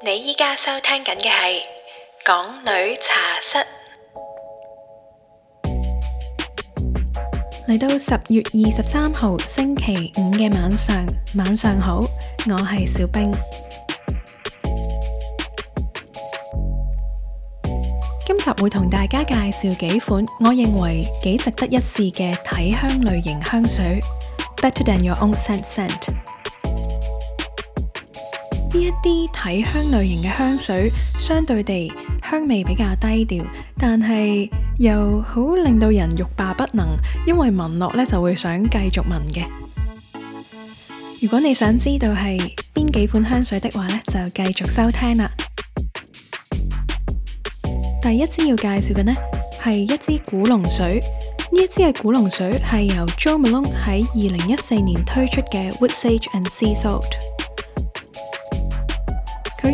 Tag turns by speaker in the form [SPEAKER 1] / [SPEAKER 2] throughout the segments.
[SPEAKER 1] 你依家收聽緊嘅係《港女茶室》。嚟到十月二十三號星期五嘅晚上，晚上好，我係小冰。今集會同大家介紹幾款我認為幾值得一試嘅體香類型香水，Better than your own scent scent. 呢一啲體香類型嘅香水，相對地香味比較低調，但係又好令到人欲罷不能，因為聞落呢就會想繼續聞嘅。如果你想知道係邊幾款香水的話呢，就繼續收聽啦。第一支要介紹嘅呢，係一支古龍水。呢一支嘅古龍水，係由 Jo Malone 喺二零一四年推出嘅 Wood Sage and Sea Salt。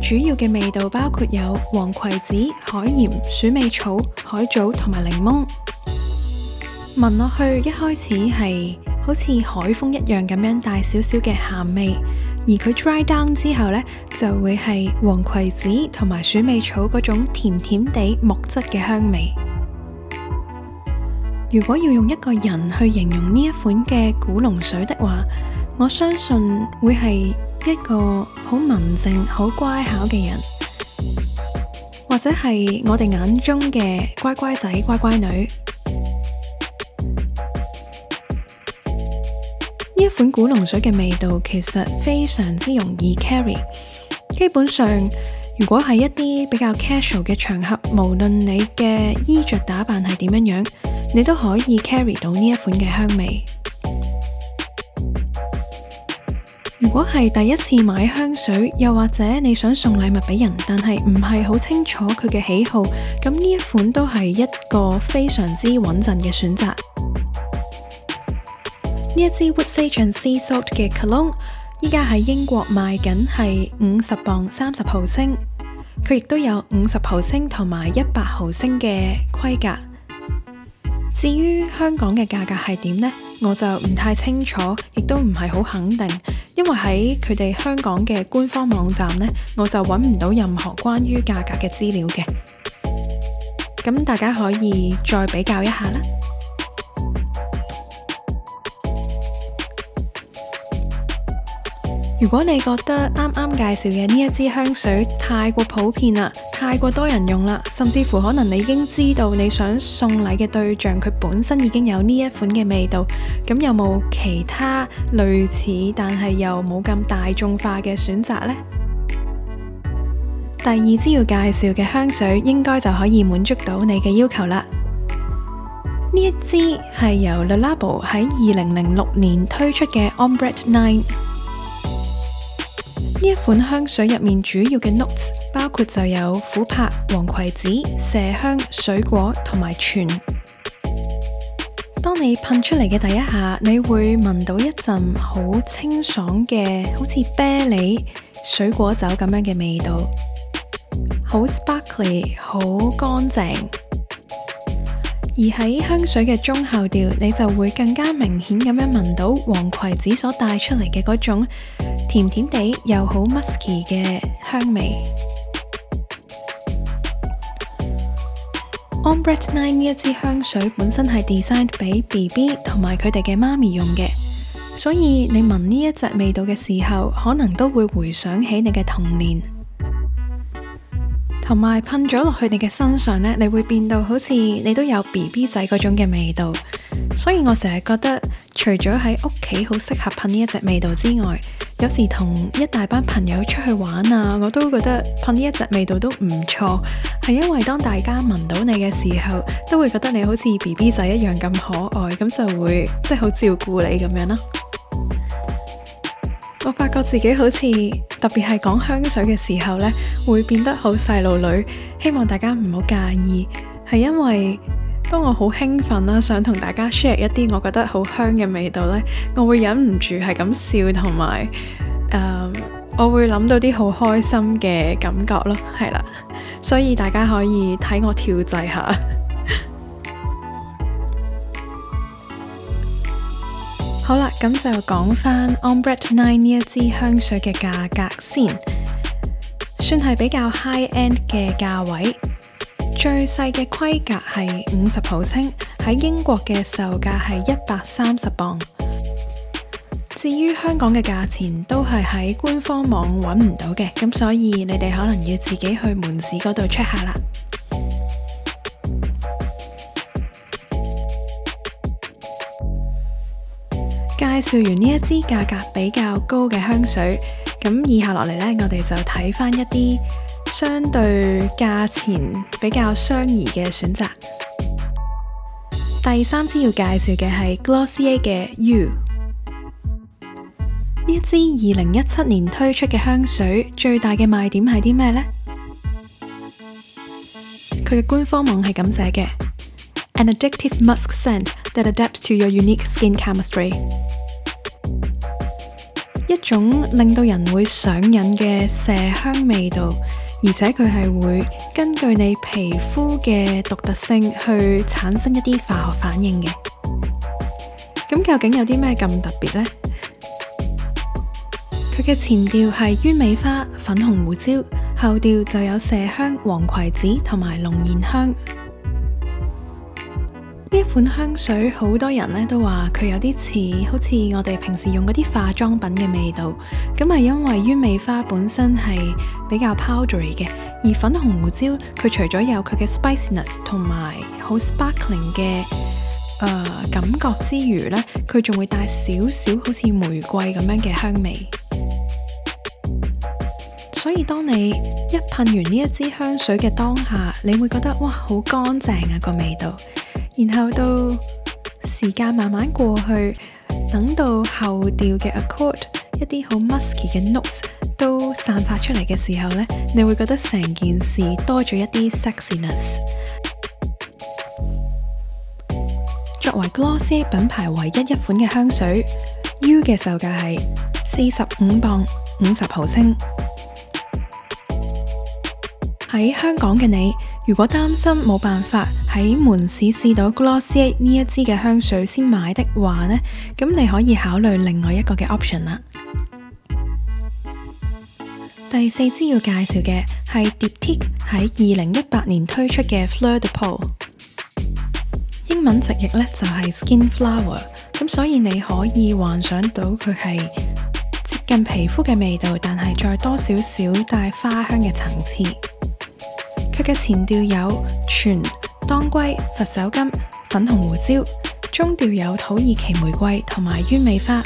[SPEAKER 1] 主要嘅味道包括有黃葵子、海鹽、鼠尾草、海藻同埋檸檬。聞落去一開始係好似海風一樣咁樣帶少少嘅鹹味，而佢 dry down 之後呢，就會係黃葵子同埋鼠尾草嗰種甜甜地木質嘅香味。如果要用一個人去形容呢一款嘅古龍水的話，我相信會係。一個好文靜、好乖巧嘅人，或者係我哋眼中嘅乖乖仔、乖乖女。呢一款古龍水嘅味道其實非常之容易 carry。基本上，如果係一啲比較 casual 嘅場合，無論你嘅衣着打扮係點樣樣，你都可以 carry 到呢一款嘅香味。如果係第一次買香水，又或者你想送禮物俾人，但係唔係好清楚佢嘅喜好，咁呢一款都係一個非常之穩陣嘅選擇。呢 一支 Wood Sage & Sea Salt 嘅 Cologne，依家喺英國賣緊係五十磅三十毫升，佢亦都有五十毫升同埋一百毫升嘅規格。至於香港嘅價格係點呢？我就唔太清楚，亦都唔係好肯定。因為喺佢哋香港嘅官方網站呢，我就揾唔到任何關於價格嘅資料嘅，咁大家可以再比較一下啦。如果你覺得啱啱介紹嘅呢一支香水太過普遍啦，太過多人用啦，甚至乎可能你已經知道你想送禮嘅對象，佢本身已經有呢一款嘅味道，咁有冇其他類似但係又冇咁大眾化嘅選擇呢？第二支要介紹嘅香水應該就可以滿足到你嘅要求啦。呢一支係由 Le Labo 喺二零零六年推出嘅 Ombre 9。呢一款香水入面主要嘅 notes 包括就有琥珀、黃葵子、麝香、水果同埋醛。當你噴出嚟嘅第一下，你會聞到一陣好清爽嘅，好似啤梨水果酒咁樣嘅味道，好 sparkly，好乾淨。而喺香水嘅中後調，你就會更加明顯咁樣聞到黃葵子所帶出嚟嘅嗰種，甜甜地又好 musky 嘅香味。Ombre Nine 呢一支香水本身係 designed 俾 BB 同埋佢哋嘅媽咪用嘅，所以你聞呢一隻味道嘅時候，可能都會回想起你嘅童年。同埋噴咗落去你嘅身上呢，你會變到好似你都有 BB 仔嗰種嘅味道，所以我成日覺得除咗喺屋企好適合噴呢一隻味道之外，有時同一大班朋友出去玩啊，我都覺得噴呢一隻味道都唔錯，係因為當大家聞到你嘅時候，都會覺得你好似 BB 仔一樣咁可愛，咁就會即係好照顧你咁樣啦。我發覺自己好似。特別係講香水嘅時候呢，會變得好細路女，希望大家唔好介意。係因為當我好興奮啦，想同大家 share 一啲我覺得好香嘅味道呢，我會忍唔住係咁笑，同埋誒，我會諗到啲好開心嘅感覺咯，係啦，所以大家可以睇我跳掣下。好啦，咁就講翻 Ombre Night 呢一支香水嘅價格先，算係比較 high end 嘅價位。最細嘅規格係五十毫升，喺英國嘅售價係一百三十磅。至於香港嘅價錢都係喺官方網搵唔到嘅，咁所以你哋可能要自己去門市嗰度 check 下啦。介紹完呢一支價格比較高嘅香水，咁以下落嚟呢，我哋就睇翻一啲相對價錢比較相宜嘅選擇。第三支要介紹嘅係 Glossier 嘅 You 呢一支二零一七年推出嘅香水，最大嘅賣點係啲咩呢？佢嘅官方網係咁寫嘅：An addictive musk scent that adapts to your unique skin chemistry。一種令到人會上癮嘅麝香味道，而且佢係會根據你皮膚嘅獨特性去產生一啲化學反應嘅。咁究竟有啲咩咁特別呢？佢嘅前調係鳶尾花、粉紅胡椒，後調就有麝香、黃葵子同埋龍涎香。呢款香水，好多人咧都話佢有啲似，好似我哋平時用嗰啲化妝品嘅味道。咁係因為鳶尾花本身係比較 powdery 嘅，而粉紅胡椒佢除咗有佢嘅 spiciness 同埋好 sparkling 嘅，誒、呃、感覺之餘呢，佢仲會帶少少好似玫瑰咁樣嘅香味。所以當你一噴完呢一支香水嘅當下，你會覺得哇，好，這個，乾淨啊，個味道。然後到時間慢慢過去，等到後調嘅 accord，一啲好 musky 嘅 notes 都散發出嚟嘅時候呢，你會覺得成件事多咗一啲 sexiness。作為 Glossier 品牌唯一一款嘅香水，U 嘅售價係四十五磅五十毫升。喺香港嘅你，如果擔心冇辦法喺門市試到 Glossier 呢一支嘅香水先買的話呢，咁你可以考慮另外一個嘅 option 啦。 第四支要介紹嘅係 Diptyque 喺二零一八年推出嘅 Fleur de Peau，英文直譯呢就係、是、Skin Flower，咁所以你可以幻想到佢係接近皮膚嘅味道，但係再多少少帶花香嘅層次。佢嘅前調有全當歸、佛手柑、粉紅胡椒；中調有土耳其玫瑰同埋鳶尾花；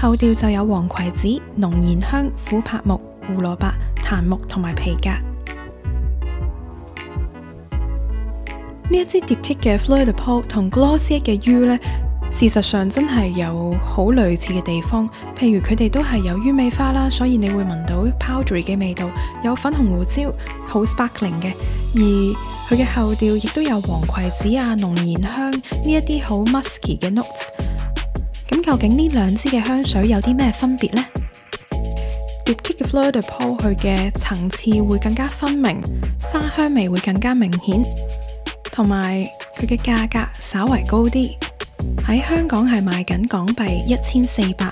[SPEAKER 1] 後調就有黃葵子、龍涎香、琥珀木、胡蘿蔔、檀木同埋皮革。呢一支 Diptyque 嘅 Fleur de Peau 同 Glossier 嘅 U 呢。事實上真係有好類似嘅地方，譬如佢哋都係有鳶尾花啦，所以你會聞到 powdery 嘅味道，有粉紅胡椒，好 sparkling 嘅。而佢嘅後調亦都有黃葵子啊、龍涎香呢一啲好 musky 嘅 notes。咁 not 究竟呢兩支嘅香水有啲咩分別呢？Diptyque Fleur de Peau，佢嘅層次會更加分明，花香味會更加明顯，同埋佢嘅價格稍為高啲。喺香港係賣緊港幣一千四百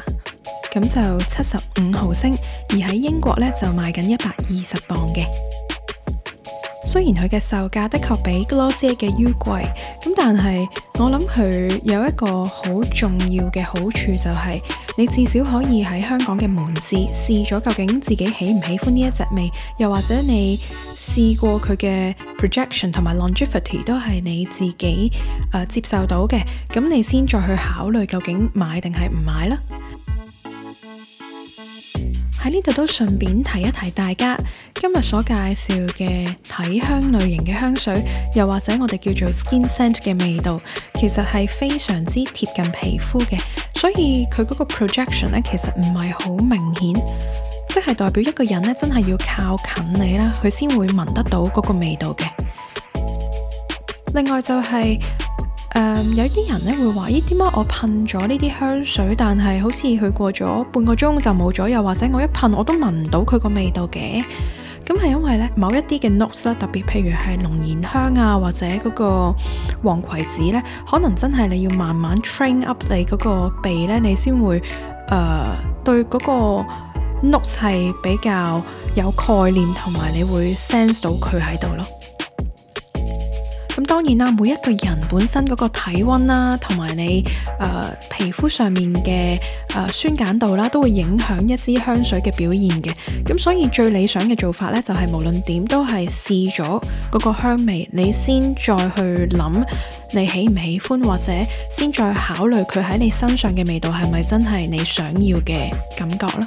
[SPEAKER 1] 咁就七十五毫升，而喺英國呢，就賣緊一百二十磅嘅。雖然佢嘅售價的確比 Glossier 嘅要貴，咁但係我諗佢有一個好重要嘅好處就係、是、你至少可以喺香港嘅門市試咗究竟自己喜唔喜歡呢一隻味，又或者你。試過佢嘅 projection 同埋 longevity 都係你自己誒、呃、接受到嘅，咁你先再去考慮究竟買定係唔買啦。喺呢度都順便提一提大家，今日所介紹嘅體香類型嘅香水，又或者我哋叫做 skin scent 嘅味道，其實係非常之貼近皮膚嘅，所以佢嗰個 projection 咧，其實唔係好明顯。即係代表一個人咧，真係要靠近你啦，佢先會聞得到嗰個味道嘅。另外就係、是、誒、呃，有啲人咧會話，咦，點解我噴咗呢啲香水，但係好似佢過咗半個鐘就冇咗，又或者我一噴我都聞唔到佢個味道嘅？咁係因為咧某一啲嘅 notes，特別譬如係龍涎香啊，或者嗰個黃葵子咧，可能真係你要慢慢 train up 你嗰個鼻咧，你先會誒、呃、對嗰、那個。note 係比較有概念，同埋你會 sense 到佢喺度咯。咁當然啦，每一個人本身嗰個體溫啦、啊，同埋你誒、呃、皮膚上面嘅誒、呃、酸鹼度啦、啊，都會影響一支香水嘅表現嘅。咁所以最理想嘅做法呢，就係、是、無論點都係試咗嗰個香味，你先再去諗你喜唔喜歡，或者先再考慮佢喺你身上嘅味道係咪真係你想要嘅感覺啦。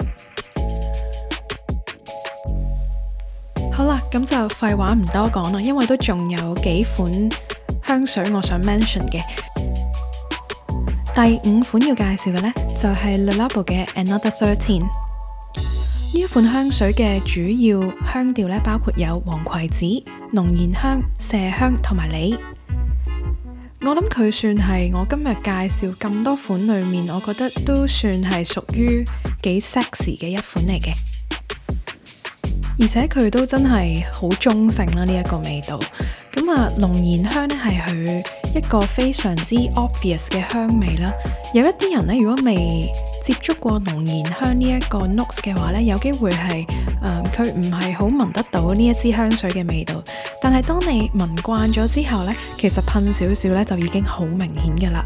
[SPEAKER 1] 好啦，咁就廢話唔多講啦，因為都仲有幾款香水我想 mention 嘅。第五款要介紹嘅呢，就係 Le Labo 嘅 Another Thirteen。呢一款香水嘅主要香調咧，包括有黃葵子、濃然香、麝香同埋梨。我諗佢算係我今日介紹咁多款裡面，我覺得都算係屬於幾 sexy 嘅一款嚟嘅。而且佢都真係好中性啦，呢、這、一個味道。咁、嗯、啊，龍涎香咧係佢一個非常之 obvious 嘅香味啦。有一啲人咧，如果未接觸過龍涎香呢一個 notes 嘅話咧，有機會係誒佢唔係好聞得到呢一支香水嘅味道。但係當你聞慣咗之後咧，其實噴少少咧就已經好明顯㗎喇。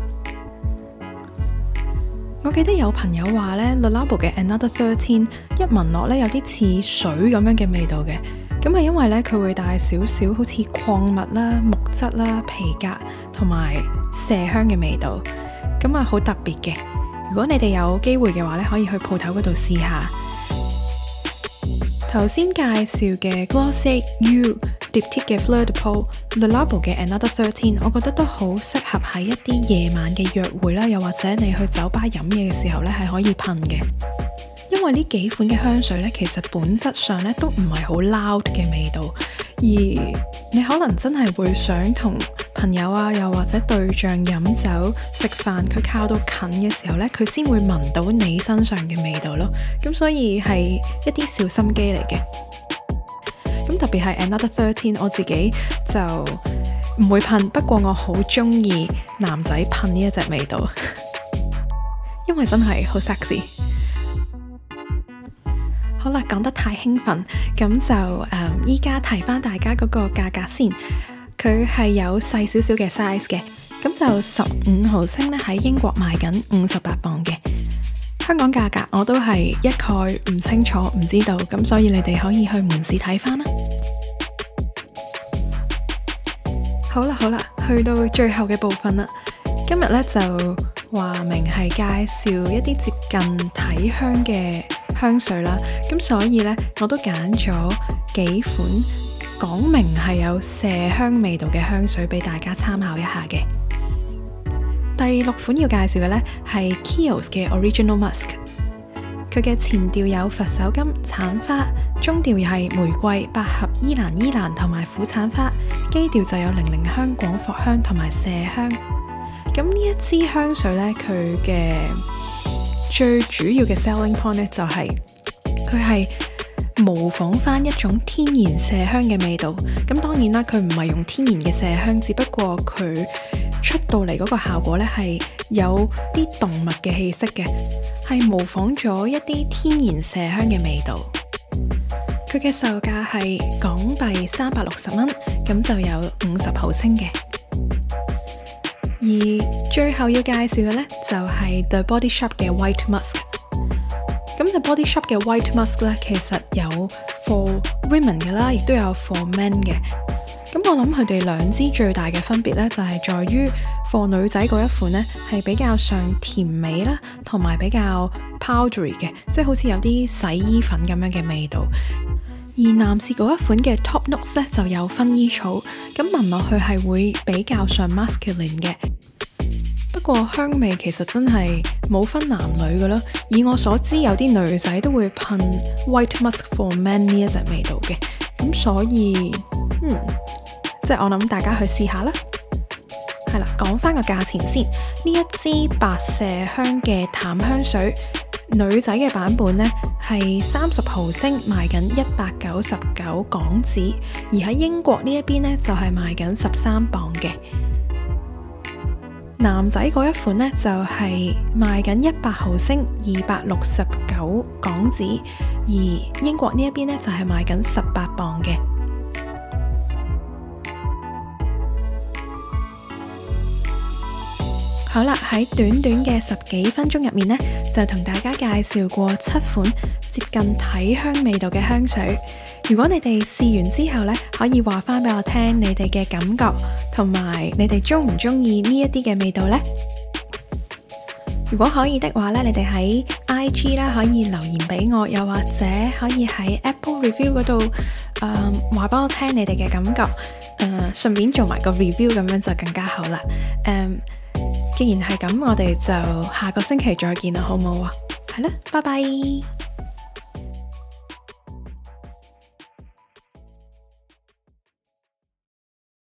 [SPEAKER 1] 我記得有朋友話咧，Le Labo 嘅 Another Thirteen 一聞落咧有啲似水咁樣嘅味道嘅，咁係因為咧佢會帶少少好似礦物啦、木質啦、皮革同埋麝香嘅味道，咁啊好特別嘅。如果你哋有機會嘅話咧，可以去鋪頭嗰度試下。頭先介紹嘅 Glossy U 嘅 Fleur de Peau，Le Labo 嘅 Another Thirteen，我覺得都好適合喺一啲夜晚嘅約會啦，又或者你去酒吧飲嘢嘅時候呢，係可以噴嘅。因為呢幾款嘅香水呢，其實本質上呢都唔係好 loud 嘅味道，而你可能真係會想同朋友啊，又或者對象飲酒食飯，佢靠到近嘅時候呢，佢先會聞到你身上嘅味道咯。咁所以係一啲小心機嚟嘅。咁特別係 Another 13，我自己就唔會噴，不過我好中意男仔噴呢一隻味道，因為真係好 sexy。好啦，講得太興奮，咁就誒依家提翻大家嗰個價格先，佢係有細少少嘅 size 嘅，咁就十五毫升咧，喺英國賣緊五十八磅嘅。香港價格我都係一概唔清楚唔知道，咁所以你哋可以去門市睇返啦。好啦好啦，去到最後嘅部分啦。今日呢，就話明係介紹一啲接近體香嘅香水啦，咁所以呢，我都揀咗幾款講明係有麝香味道嘅香水俾大家參考一下嘅。第六款要介紹嘅呢係 Kiehl 嘅 Original Musk。佢嘅前調有佛手柑、橙花，中調又係玫瑰、百合伊蘭伊蘭、依蘭依蘭同埋苦橙花，基調就有零零香、廣藿香同埋麝香。咁呢、嗯、一支香水呢，佢嘅最主要嘅 selling point 呢、就係，就係佢係模仿翻一種天然麝香嘅味道。咁、嗯、當然啦，佢唔係用天然嘅麝香，只不過佢。出到嚟嗰個效果呢，係有啲動物嘅氣息嘅，係模仿咗一啲天然麝香嘅味道。佢嘅售價係港幣三百六十蚊，咁就有五十毫升嘅。而最後要介紹嘅呢，就係 The Body Shop 嘅 White Musk。咁 The Body Shop 嘅 White Musk 呢，其實有 for women 嘅啦，亦都有 for men 嘅。咁我諗佢哋兩支最大嘅分別呢，就係在於放女仔嗰一款呢，係比較上甜美啦，同埋比較 powdery 嘅，即係好似有啲洗衣粉咁樣嘅味道。而男士嗰一款嘅 Top Notes 呢，就有薰衣草，咁聞落去係會比較上 masculine 嘅。不過香味其實真係冇分男女噶咯，以我所知，有啲女仔都會噴 White Musk for Men 呢一隻味道嘅，咁所以。嗯，即係我諗大家去試下啦。係啦，講翻個價錢先。呢一支白麝香嘅淡香水女仔嘅版本呢係三十毫升賣緊一百九十九港紙，而喺英國呢一邊呢，就係賣緊十三磅嘅。男仔嗰一款呢，就係賣緊一百毫升二百六十九港紙，而英國呢一邊呢，就係賣緊十八磅嘅。好啦，喺短短嘅十幾分鐘入面呢，就同大家介紹過七款接近體香味道嘅香水。如果你哋試完之後呢，可以話翻俾我聽你哋嘅感覺，同埋你哋中唔中意呢一啲嘅味道呢？如果可以的話呢，你哋喺 IG 啦，可以留言俾我，又或者可以喺 Apple Review 嗰度誒話俾我聽你哋嘅感覺，誒順便做埋個 Review 咁樣就更加好啦。誒。既然係咁，我哋就下個星期再見啦，好唔好啊？係、 嗯、拜拜。